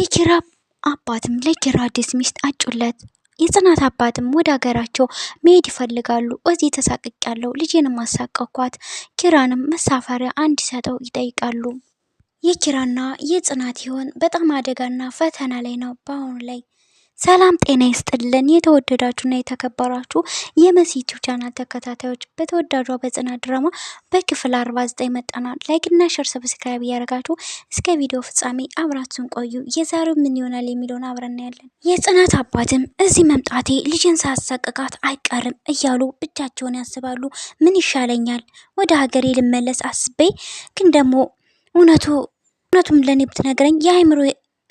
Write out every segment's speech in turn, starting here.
የኪራ አባትም ለኪራ አዲስ ሚስት አጩለት። የጽናት አባትም ወደ ሀገራቸው መሄድ ይፈልጋሉ። እዚህ ተሳቅቅ ያለው ልጄን ማሳቀኳት ኪራንም መሳፈሪያ እንዲሰጠው ይጠይቃሉ። የኪራና የጽናት ህይወት በጣም አደጋና ፈተና ላይ ነው በአሁኑ ላይ ሰላም ጤና ይስጥልን የተወደዳችሁና የተከበራችሁ የመሲቱ ቻናል ተከታታዮች፣ በተወዳጇ በጽናት ድራማ በክፍል 49 መጠናል። ላይክና ሸር ሰብስክራይብ እያደረጋችሁ እስከ ቪዲዮ ፍጻሜ አብራችሁን ቆዩ። የዛሬው ምን ይሆናል የሚለውን አብረን እናያለን። የጽናት አባትም እዚህ መምጣቴ ልጅን ሳያሳቅቃት አይቀርም እያሉ ብቻቸውን ያስባሉ። ምን ይሻለኛል? ወደ ሀገሬ ልመለስ አስቤ ግን ደግሞ እውነቱ እውነቱም ለእኔ ብትነግረኝ የአይምሮ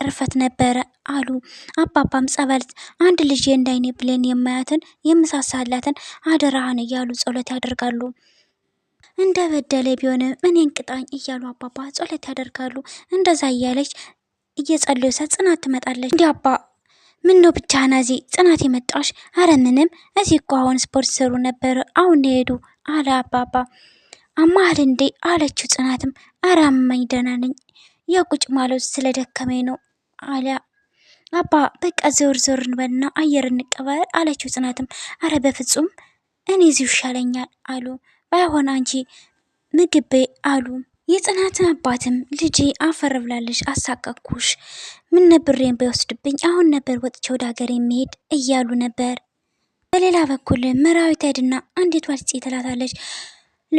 እርፈት ነበረ አሉ አባባም ጸበል አንድ ልጅ እንዳይኔ ብሌን የማያትን የምሳሳላትን አደራህን እያሉ ጸሎት ያደርጋሉ። እንደ በደለ ቢሆንም እኔን ቅጣኝ እያሉ አባባ ጸሎት ያደርጋሉ። እንደዛ እያለች እየጸለዩ ጽናት ትመጣለች። እንዲህ አባ ምን ነው ብቻ ናዚ ጽናት የመጣሽ? አረ ምንም፣ እዚህ እኮ አሁን ስፖርት ስሩ ነበር አሁን ሄዱ አለ አባባ። አማህል እንዴ አለችው ጽናትም አረ አማኝ ደህና ነኝ ያቁጭ ማለት ስለደከመኝ ነው አሊያ አባ በቃ ዞር ዞር እንበልና አየር እንቀበል አለችው። ጽናትም አረ በፍጹም እኔ እዚሁ ይሻለኛል አሉ። ባይሆን አንቺ ምግቤ አሉ። የጽናት አባትም ልጄ አፈር ብላለች፣ አሳቀኩሽ። ምን ነብሬን ባይወስድብኝ አሁን ነበር ወጥቼ ወደ ሀገር የሚሄድ እያሉ ነበር። በሌላ በኩል መራዊት ሄድና አንዲቷ ልጽ ትላታለች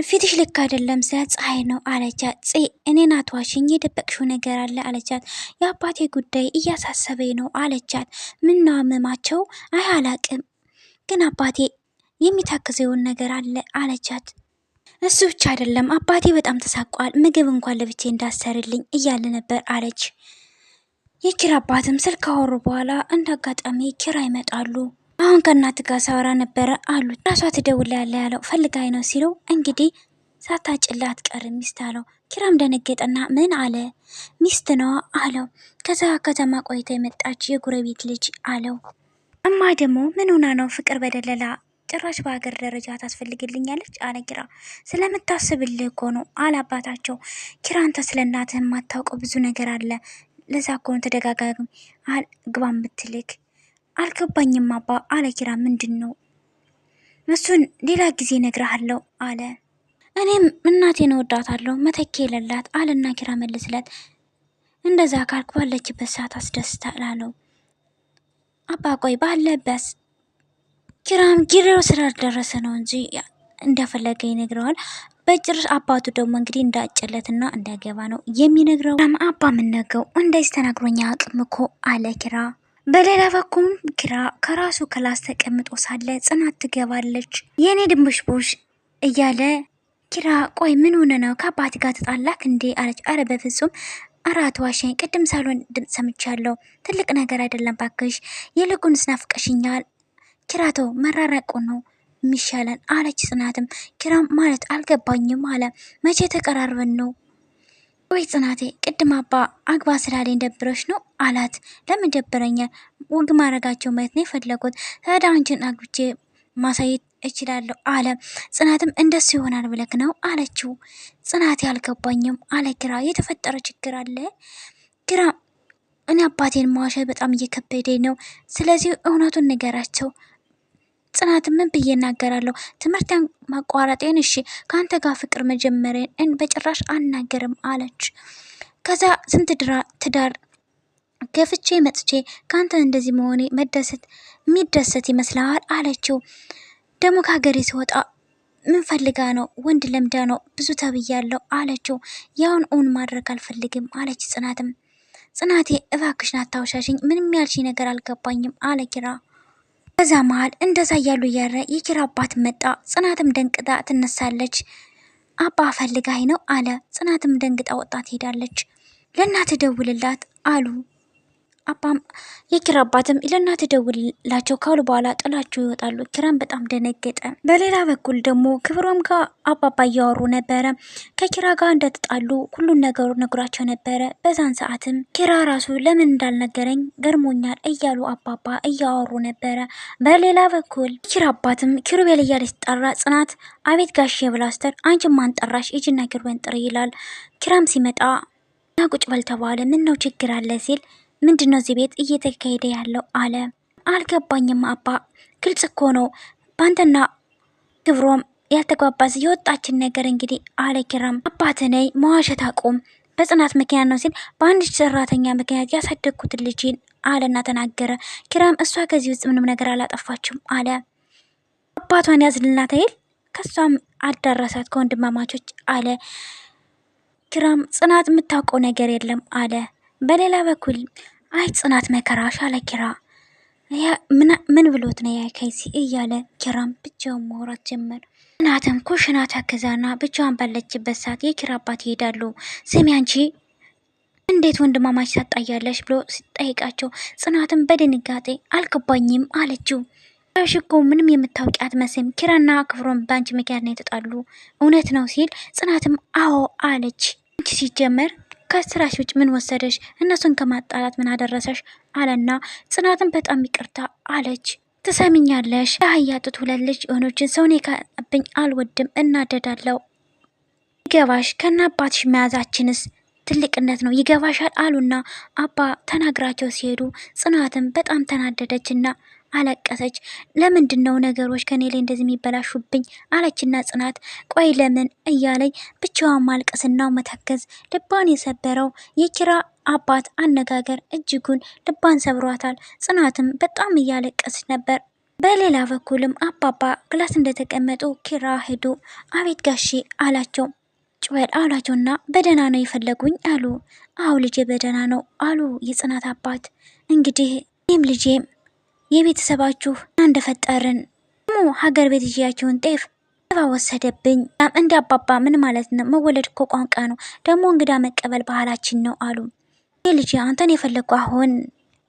ፊትሽ ልክ አይደለም ስለ ፀሐይ ነው አለቻት። ፅ እኔን አትዋሽኝ፣ የደበቅሽው ነገር አለ አለቻት። የአባቴ ጉዳይ እያሳሰበኝ ነው አለቻት። ምነው አመማቸው? አይ አላቅም፣ ግን አባቴ የሚታክዘውን ነገር አለ አለቻት። እሱ ብቻ አይደለም አባቴ በጣም ተሳቋል፣ ምግብ እንኳን ለብቼ እንዳሰርልኝ እያለ ነበር አለች። የኪራ አባትም ስልክ ካወሩ በኋላ እንደ አጋጣሚ ኪራ ይመጣሉ። አሁን ከእናት ጋር ሳወራ ነበረ አሉት። ራሷ ትደውላለ ያለው ፈልጋይ ነው ሲለው እንግዲህ ሳታጭላት ቀር ሚስት አለው። ኪራም ደነገጠና ምን አለ? ሚስት ነዋ አለው። ከዛ ከተማ ቆይታ የመጣች የጉረቤት ልጅ አለው። እማ ደግሞ ምን ሆና ነው ፍቅር በደለላ ጭራሽ በሀገር ደረጃ ታስፈልግልኛለች አለ ኪራ። ስለምታስብልህ እኮ ነው አለ አባታቸው። ኪራ አንተ ስለ እናትህ የማታውቀው ብዙ ነገር አለ። ለዛ እኮ ነው ተደጋጋሚ ግባ ምትልክ አልገባኝም አባ አለ ኪራ። ምንድን ነው እሱን ሌላ ጊዜ ነግረሃለሁ አለ። እኔም እናቴን እወዳታለሁ መተኬ የሌላት አለና ኪራ መልስለት። እንደዛ ካልክ ባለችበት ሰዓት አስደስታ ላለው አባ ቆይ ባለበት ኪራም ጊዜው ስላልደረሰ ነው እንጂ እንደፈለገ ይነግረዋል። በጭርስ አባቱ ደግሞ እንግዲህ እንዳጨለትና እንዳገባ ነው የሚነግረው። አባ ምነገው እንዳይስተናግሮኛ አቅም እኮ አለ ኪራ። በሌላ በኩል ኪራ ከራሱ ክላስ ተቀምጦ ሳለ ጽናት ትገባለች። የእኔ ድንቦሽቦሽ እያለ ኪራ ቆይ ምን ሆነ ነው ከአባት ጋር ተጣላክ እንዴ? አለች። አረ በፍጹም አራት ዋሸኝ፣ ቅድም ሳሎን ድምፅ ሰምቻለሁ። ትልቅ ነገር አይደለም ባክሽ፣ ይልቁንስ ናፍቀሽኛል። ኪራቶ መራራቁ ነው የሚሻለን አለች ጽናትም። ኪራም ማለት አልገባኝም አለ። መቼ ተቀራርበን ነው ወይ ጽናቴ ቅድም አባ አግባ ስላለኝ ደብረሽ ነው አላት። ለምን ደብረኛል? ወግ ማድረጋቸው ማየት ነው የፈለጉት። ታዲያ አንቺን አግብቼ ማሳየት እችላለሁ አለ። ጽናትም እንደሱ ይሆናል ብለክ ነው አለችው። ጽናቴ አልገባኝም አለ ግራ። የተፈጠረ ችግር አለ ግራ። እኔ አባቴን መዋሸት በጣም እየከበደኝ ነው። ስለዚህ እውነቱን ንገራቸው ጽናት ምን ብዬ እናገራለሁ? ትምህርት ማቋረጤን እሺ፣ ከአንተ ጋር ፍቅር መጀመሪያን በጭራሽ አናገርም አለች። ከዛ ስንት ትዳር ገፍቼ መጥቼ ከአንተ እንደዚህ መሆኔ መደሰት የሚደሰት ይመስልሃል? አለችው። ደግሞ ከሀገሬ ስወጣ ምን ፈልጋ ነው? ወንድ ለምዳ ነው? ብዙ ተብያለሁ አለችው። ያውን ኦን ማድረግ አልፈልግም አለች ጽናትም ጽናቴ እባክሽን አታውሻሽኝ፣ ምንም ያልሽ ነገር አልገባኝም አለ ኪራ። በዛ መሀል እንደዛ እያሉ እያረ የኪራ አባት መጣ። ጽናትም ደንቅጣ ትነሳለች። አባ ፈልጋኝ ነው አለ። ጽናትም ደንግጣ ወጣ ትሄዳለች። ለእናት ደውልላት አሉ አባም የኪራ አባትም ለእናት ደውልላቸው ካሉ በኋላ ጥላቸው ይወጣሉ። ኪራም በጣም ደነገጠ። በሌላ በኩል ደግሞ ክብሮም ጋር አባባ እያወሩ ነበረ። ከኪራ ጋር እንደተጣሉ ሁሉን ነገሩ ነግሯቸው ነበረ። በዛን ሰዓትም ኪራ ራሱ ለምን እንዳልነገረኝ ገርሞኛል እያሉ አባባ እያወሩ ነበረ። በሌላ በኩል ኪራ አባትም ኪሩቤል እያለ ሲጠራ ጽናት አቤት ጋሽ ብላስተር አንቺ ማንጠራሽ እጅና ኪሩቤን ጥሪ ይላል። ኪራም ሲመጣ ቁጭ በል ተባለ። ምን ነው ችግር አለ ሲል ምንድን ነው እዚህ ቤት እየተካሄደ ያለው አለ። አልገባኝም አባ፣ ግልጽ እኮ ነው ባንተና ክብሮም ያልተጓባዝ የወጣችን ነገር እንግዲህ አለ ኪራም። አባትነይ መዋሸት አቁም፣ በጽናት ምክንያት ነው ሲል በአንድ ሰራተኛ ምክንያት ያሳደግኩትን ልጅን አለና ተናገረ። ኪራም እሷ ከዚህ ውስጥ ምንም ነገር አላጠፋችም አለ። አባቷን ያዝልና አይል ከሷም አዳረሳት ከወንድማማቾች አለ ኪራም። ጽናት የምታውቀው ነገር የለም አለ በሌላ በኩል አይ ጽናት መከራሽ አለ ኪራ። ምን ብሎት ነው ከይሲ እያለ ኪራም ብቻውን ማውራት ጀመር። ጽናትም ኩሽና ተክዛና ብቻዋን ባለችበት ሰዓት የኪራ አባት ይሄዳሉ። ስሚ አንቺ እንዴት ወንድማማች ታጣያለሽ ብሎ ሲጠይቃቸው ጽናትም በድንጋጤ አልገባኝም አለችው። ሽ ምንም የምታውቂ አትመስም፣ ኪራና ክብሮም በአንቺ ምክንያት ነው የተጣሉ እውነት ነው ሲል ጽናትም አዎ አለች። አንቺ ሲጀመር ከስራሽ ውጭ ምን ወሰደሽ? እነሱን ከማጣላት ምን አደረሰሽ? አለና ጽናትን በጣም ይቅርታ አለች። ትሰሚኛለሽ ያህያጡት ሁለት ልጅ የሆኖችን ሰውን የካብኝ አልወድም፣ እናደዳለው። ይገባሽ ከና አባትሽ መያዛችንስ ትልቅነት ነው ይገባሻል አሉና አባ ተናግራቸው ሲሄዱ ጽናትን በጣም ተናደደችና አለቀሰች። ለምንድን ነው ነገሮች ከኔ ላይ እንደዚህ የሚበላሹብኝ አለችና ጽናት ቆይ ለምን እያለኝ ብቻዋን ማልቀስና መተከዝ ልቧን የሰበረው የኪራ አባት አነጋገር እጅጉን ልቧን ሰብሯታል። ጽናትም በጣም እያለቀሰች ነበር። በሌላ በኩልም አባባ ክላስ እንደተቀመጡ ኪራ ሄዱ። አቤት ጋሺ አላቸው ጭወል አሏቸውና በደህና ነው የፈለጉኝ አሉ። አዎ ልጄ በደህና ነው አሉ የጽናት አባት። እንግዲህ ይህም ልጄም የቤተሰባችሁ እንደፈጠርን ደግሞ ሀገር ቤት እያችሁን ጤፍ ባ ወሰደብኝ። እንዲ አባባ ምን ማለት ነው? መወለድ እኮ ቋንቋ ነው። ደግሞ እንግዳ መቀበል ባህላችን ነው አሉ። ልጅ አንተን የፈለግኩ አሁን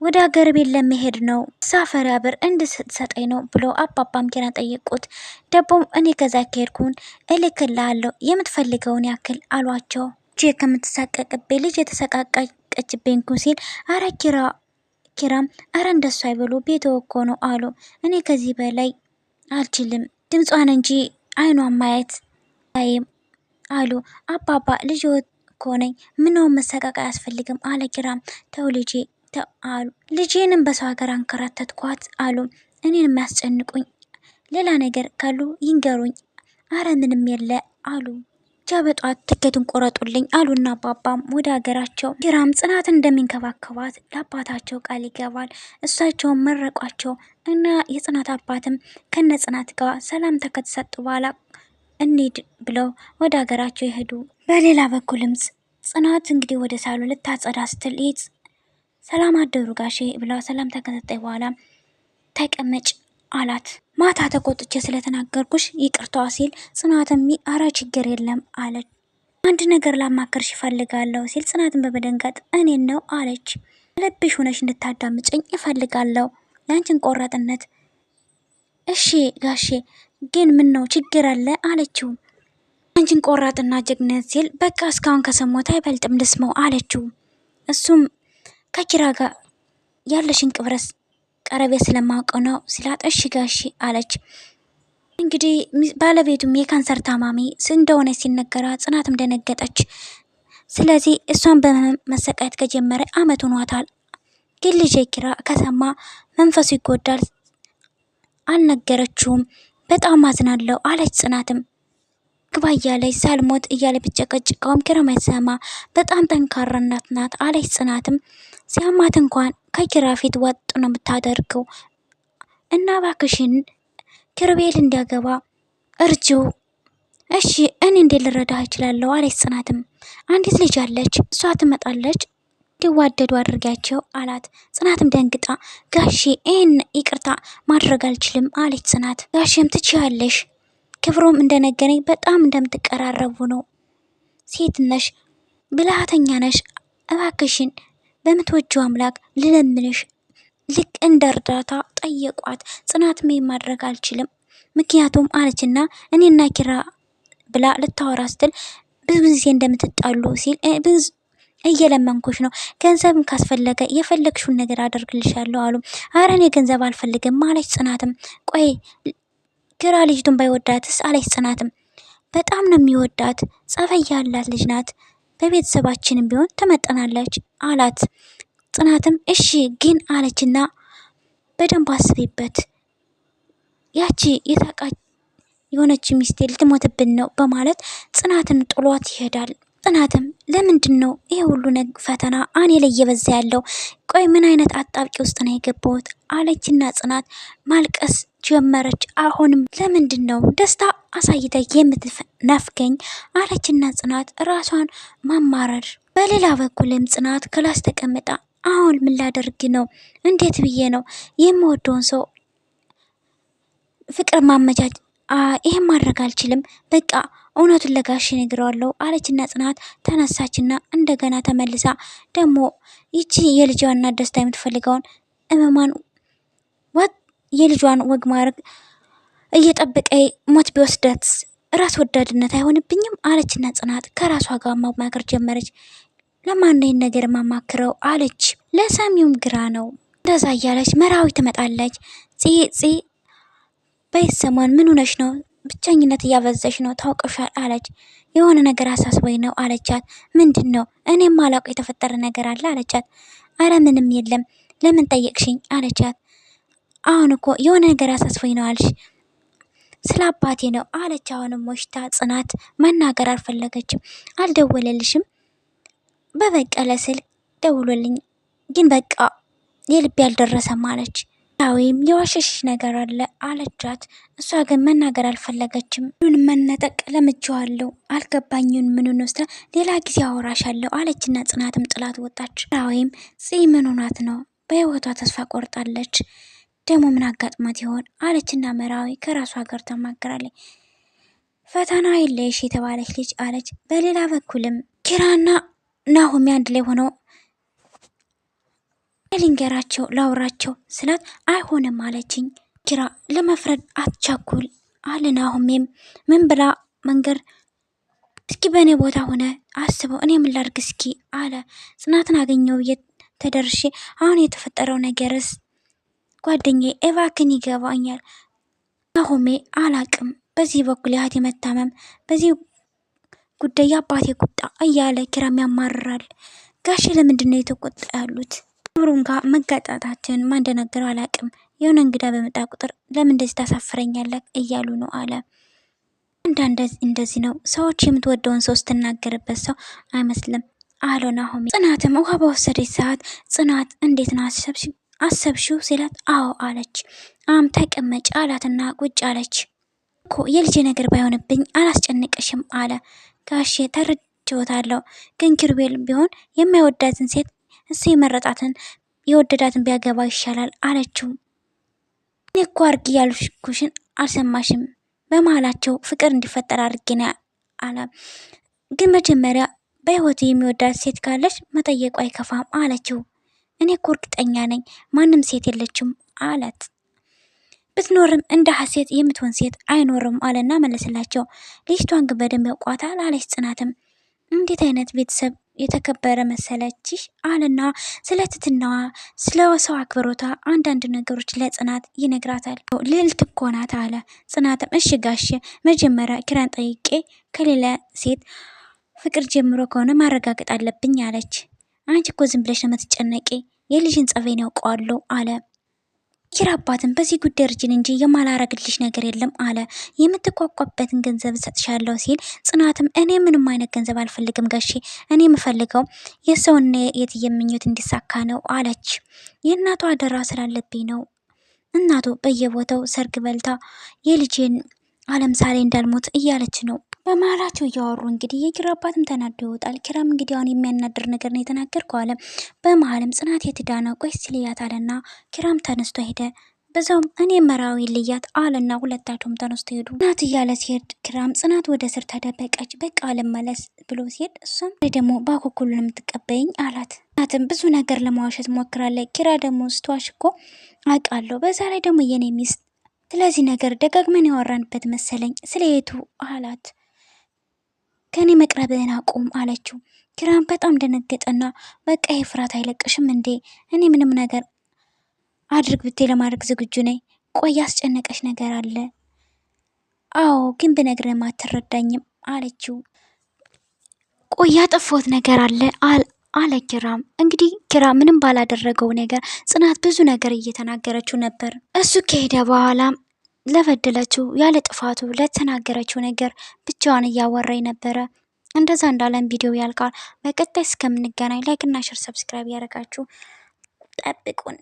ወደ ሀገር ቤት ለመሄድ ነው። ሳፈሪያ ብር እንድትሰጠኝ ነው ብሎ አባባም ቴና ጠየቁት። ደቦም እኔ ከዛ ከሄድኩን እልክልሃለሁ የምትፈልገውን ያክል አሏቸው። ልጅ ከምትሳቀቅቤ ልጅ የተሰቃቀቀችብኝ ኩ ሲል አረኪራ ኪራ ኪራም አረ እንደሱ አይበሉ ቤት እኮ ነው አሉ። እኔ ከዚህ በላይ አልችልም፣ ድምጿን እንጂ አይኗን ማየት አይም አሉ። አባባ ልጅ እኮ ነኝ፣ ምነው መሰቃቅ አያስፈልግም አለ ኪራም። ተው ልጄ ተው አሉ። ልጄንም በሰው ሀገር አንከራተትኳት አሉ። እኔን የሚያስጨንቁኝ ሌላ ነገር ካሉ ይንገሩኝ፣ አረ ምንም የለ አሉ። ብቻ በጠዋት ትኬቱን ቆረጡልኝ አሉና አባባም ወደ ሀገራቸው። ኪራም ጽናት እንደሚንከባከባት ለአባታቸው ቃል ይገባል። እሳቸውን መረቋቸው እና የጽናት አባትም ከነ ጽናት ጋር ሰላምታ ከተሰጡ በኋላ እንሂድ ብለው ወደ ሀገራቸው ይሄዱ። በሌላ በኩልም ጽናት እንግዲህ ወደ ሳሉ ልታጸዳ ስትል ሰላም አደሩ ጋሼ ብለው ሰላምታ ከሰጠች በኋላ ተቀመጭ አላት። ማታ ተቆጥቼ ስለተናገርኩሽ ይቅርታዋ ሲል ጽናትም አረ ችግር የለም አለች። አንድ ነገር ላማከርሽ እፈልጋለሁ ሲል ጽናትን በመደንገጥ እኔን ነው አለች። ልብሽ ሆነሽ እንድታዳምጭኝ እፈልጋለሁ ያንቺን ቆራጥነት። እሺ ጋሼ ግን ምን ነው ችግር አለ አለችው። አንቺን ቆራጥና ጀግነት ሲል በቃ እስካሁን ከሰሞት አይበልጥም ልስመው አለችው። እሱም ከኪራ ጋር ያለሽን ቅብረስ ቀረቤ ስለማውቀው ነው ሲላጠሽ ጋሺ አለች። እንግዲህ ባለቤቱም የካንሰር ታማሚ እንደሆነ ሲነገራ ጽናትም ደነገጠች። ስለዚህ እሷን በመሰቃየት ከጀመረ አመት ሆኗታል። ግን ልጄ ኪራ ከሰማ መንፈሱ ይጎዳል። አልነገረችውም። በጣም አዝናለሁ አለች ጽናትም አግባ እያለች ሳልሞት እያለ ብጨቀጭቀውም ኪራም አይሰማ። በጣም ጠንካራ እናት ናት አለች ጽናትም። ሲያማት እንኳን ከኪራ ፊት ወጥ ነው የምታደርገው እና ባክሽን ኪሩቤል እንዲያገባ እርጅው እሺ እኔ እንዴት ልረዳ እችላለሁ? አለች ጽናትም። አንዲት ልጅ አለች፣ እሷ ትመጣለች፣ እንዲዋደዱ አድርጋቸው አላት። ጽናትም ደንግጣ ጋሼ ይህን ይቅርታ ማድረግ አልችልም አለች ጽናት። ጋሼም ትችያለሽ ክብሮም እንደነገረኝ በጣም እንደምትቀራረቡ ነው። ሴት ነሽ፣ ብልሃተኛ ነሽ። እባክሽን በምትወጂው አምላክ ልለምንሽ። ልክ እንደ እርዳታ ጠየቋት። ጽናት ምን ማድረግ አልችልም፣ ምክንያቱም አለችና እኔና ኪራ ብላ ልታወራ ስትል ብዙ ጊዜ እንደምትጣሉ ሲል እየለመንኩሽ ነው ገንዘብም ካስፈለገ የፈለግሽውን ነገር አደርግልሻለሁ አሉ። አረ እኔ ገንዘብ አልፈልግም ማለች ጽናትም ቆይ ግራ ልጅቱን ባይወዳትስ አለች ጽናትም። በጣም ነው የሚወዳት ጸባይ ያላት ልጅ ናት፣ በቤተሰባችንም ቢሆን ትመጠናለች አላት። ጽናትም እሺ ግን አለችና በደንብ አስቢበት፣ ያቺ የታቃ የሆነች ሚስቴ ልትሞትብን ነው በማለት ጽናትን ጥሏት ይሄዳል። ጽናትም ለምንድን ነው ይሄ ሁሉ ፈተና እኔ ላይ እየበዛ ያለው? ቆይ ምን አይነት አጣብቂ ውስጥ ነው የገባሁት? አለችና ጽናት ማልቀስ ጀመረች። አሁንም ለምንድን ነው ደስታ አሳይታ የምትነፍገኝ አለችና ጽናት ራሷን ማማረር። በሌላ በኩልም ጽናት ክላስ ተቀምጣ አሁን ምን ላደርግ ነው? እንዴት ብዬ ነው የምወደውን ሰው ፍቅር ማመቻች? ይህም ማድረግ አልችልም። በቃ እውነቱን ለጋሽ ነግረዋለሁ አለችና ጽናት ተነሳችና እንደገና ተመልሳ ደግሞ ይቺ የልጅዋና ደስታ የምትፈልገውን እመማን የልጇን ወግ ማድረግ እየጠበቀ ሞት ቢወስዳትስ ራስ ወዳድነት አይሆንብኝም አለችና ጽናት ከራሷ ጋር ማማከር ጀመረች። ለማንይን ነገር ማማክረው አለች። ለሰሚውም ግራ ነው። እንደዛ እያለች መራዊ ትመጣለች። ጽ ጽ ሰሞን ምን ሆነሽ ነው? ብቸኝነት እያበዘሽ ነው ታውቀሻል፣ አለች የሆነ ነገር አሳስቦኝ ነው አለቻት። ምንድን ነው? እኔም አላውቅ የተፈጠረ ነገር አለ አለቻት። አረ ምንም የለም ለምን ጠየቅሽኝ? አለቻት አሁን እኮ የሆነ ነገር አሳስፎኝ ነው አልሽ። ስለ አባቴ ነው አለች። አሁንም ሞሽታ ጽናት መናገር አልፈለገችም። አልደወለልሽም? በበቀለ ስልክ ደውሎልኝ ግን በቃ የልቤ ያልደረሰም አለች። ዳዊም የዋሸሽ ነገር አለ አለቻት። እሷ ግን መናገር አልፈለገችም። ምን መነጠቅ ለምቼዋለሁ አልገባኝን ምኑን ወስደ ሌላ ጊዜ አወራሻለሁ አለችና ጽናትም ጥላት ወጣች። ዳዊም ጽ ምን ነው በህይወቷ ተስፋ ቆርጣለች። ደግሞ ምን አጋጥሟት ይሆን አለችና መራዊ ከራሷ ጋር ተማግራለች። ፈተና የለሽ የተባለች ልጅ አለች። በሌላ በኩልም ኪራና ናሆሚ አንድ ላይ ሆነው ልንገራቸው ላውራቸው ስላት አይሆንም አለችኝ። ኪራ ለመፍረድ አትቻኩል አለ ናሆሜም ምን ብላ መንገድ እስኪ በእኔ ቦታ ሆነ አስበው እኔ ምን ላድርግ እስኪ አለ ጽናትን አገኘው ተደርሼ አሁን የተፈጠረው ነገርስ ጓደኛዬ እባክን ይገባኛል። ናሆሜ አላቅም በዚህ በኩል የእህቴ መታመም፣ በዚህ ጉዳይ የአባቴ ቁጣ እያለ ኪራም ያማርራል። ጋሽ ለምንድን ነው የተቆጣ ያሉት? ክብሩን ጋር መጋጣታችን ማን አላቅም። የሆነ እንግዳ በመጣ ቁጥር ለምን እንደዚህ ታሳፍረኛለህ እያሉ ነው አለ። አንዳንድ እንደዚህ ነው ሰዎች። የምትወደውን ሰው ስትናገርበት ሰው አይመስልም አለው ናሆሜ። ጽናትም ውሃ በወሰደች ሰዓት ጽናት እንዴት ናት አሰብሽው ሲላት አዎ አለች። አም ተቀመጭ አላትና ቁጭ አለች። እኮ የልጄ ነገር ባይሆንብኝ አላስጨንቅሽም አለ ጋሼ። ተረድቼዎታለሁ፣ ግን ኪሩቤል ቢሆን የማይወዳትን ሴት እሱ የመረጣትን የወደዳትን ቢያገባ ይሻላል አለችው። እኔ እኮ አርጊ ያልኩሽን አልሰማሽም። በመሀላቸው ፍቅር እንዲፈጠር አድርጌ ነው አለ። ግን መጀመሪያ በህይወት የሚወዳት ሴት ካለች መጠየቁ አይከፋም አለችው። እኔ እኮ እርግጠኛ ነኝ ማንም ሴት የለችም አላት። ብትኖርም እንደ ሀሴት የምትሆን ሴት አይኖርም አለና መለስላቸው። ልጅቷን ግን በደንብ ያውቋታል አለች ጽናትም። እንዴት አይነት ቤተሰብ የተከበረ መሰለች አለና ስለ ትትናዋ ስለ ሰው አክብሮታ አንዳንድ ነገሮች ለጽናት ይነግራታል። ልዕልት እኮ ናት አለ። ጽናትም እሺ ጋሽ መጀመሪያ ኪራን ጠይቄ ከሌላ ሴት ፍቅር ጀምሮ ከሆነ ማረጋገጥ አለብኝ አለች። አንቺ እኮ ዝም ብለሽ ነው የምትጨነቂ፣ የልጅን ጸባይን ያውቀዋለሁ አለ። ኪራ አባትም በዚህ ጉዳይ እርጅን እንጂ የማላረግልሽ ነገር የለም አለ። የምትቋቋበትን ገንዘብ እሰጥሻለሁ ሲል ጽናትም እኔ ምንም አይነት ገንዘብ አልፈልግም ጋሼ፣ እኔ የምፈልገው የሰውና የትዬ ምኞት እንዲሳካ ነው አለች። የእናቱ አደራ ስላለብኝ ነው። እናቱ በየቦታው ሰርግ በልታ የልጄን አለምሳሌ እንዳልሞት እያለች ነው። በመሀላቸው እያወሩ እንግዲህ የኪራ አባትም ተናዶ ይወጣል። ኪራም እንግዲህ አሁን የሚያናድር ነገር ነው የተናገርከው አለ። በመሀልም ጽናት የትዳነ ቆይ ሲልያት አለና ኪራም ተነስቶ ሄደ። በዛውም እኔ መራዊ ልያት አለና ሁለታቸውም ተነስቶ ሄዱ። ጽናት እያለ ሲሄድ ኪራም ጽናት ወደ ስር ተደበቀች። በቃ አልመለስ ብሎ ሲሄድ እሷም ደግሞ በአኮኩሉን የምትቀበይኝ አላት። ጽናትም ብዙ ነገር ለማዋሸት ሞክራለች። ኪራ ደግሞ ስትዋሽ እኮ አውቃለሁ። በዛ ላይ ደግሞ የኔ ሚስት ስለዚህ ነገር ደጋግመን ያወራንበት መሰለኝ ስለየቱ አላት። ከኔ መቅረብህን አቁም አለችው። ኪራም በጣም ደነገጠና በቃ ፍርሃት አይለቅሽም እንዴ? እኔ ምንም ነገር አድርግ ብቴ ለማድረግ ዝግጁ ነኝ። ቆይ ያስጨነቀሽ ነገር አለ? አዎ፣ ግን ብነግርህም አትረዳኝም አለችው። ቆይ ያጠፋሁት ነገር አለ አለ ኪራም። እንግዲህ ኪራ ምንም ባላደረገው ነገር ጽናት ብዙ ነገር እየተናገረችው ነበር። እሱ ከሄደ በኋላ ለበደለችው ያለ ጥፋቱ ለተናገረችው ነገር ብቻዋን እያወራ ነበረ። እንደዛ እንዳለን ቪዲዮ ያልቃል። በቀጣይ እስከምንገናኝ ላይክ እና ሸር ሰብስክራይብ ያደረጋችሁ ጠብቁን።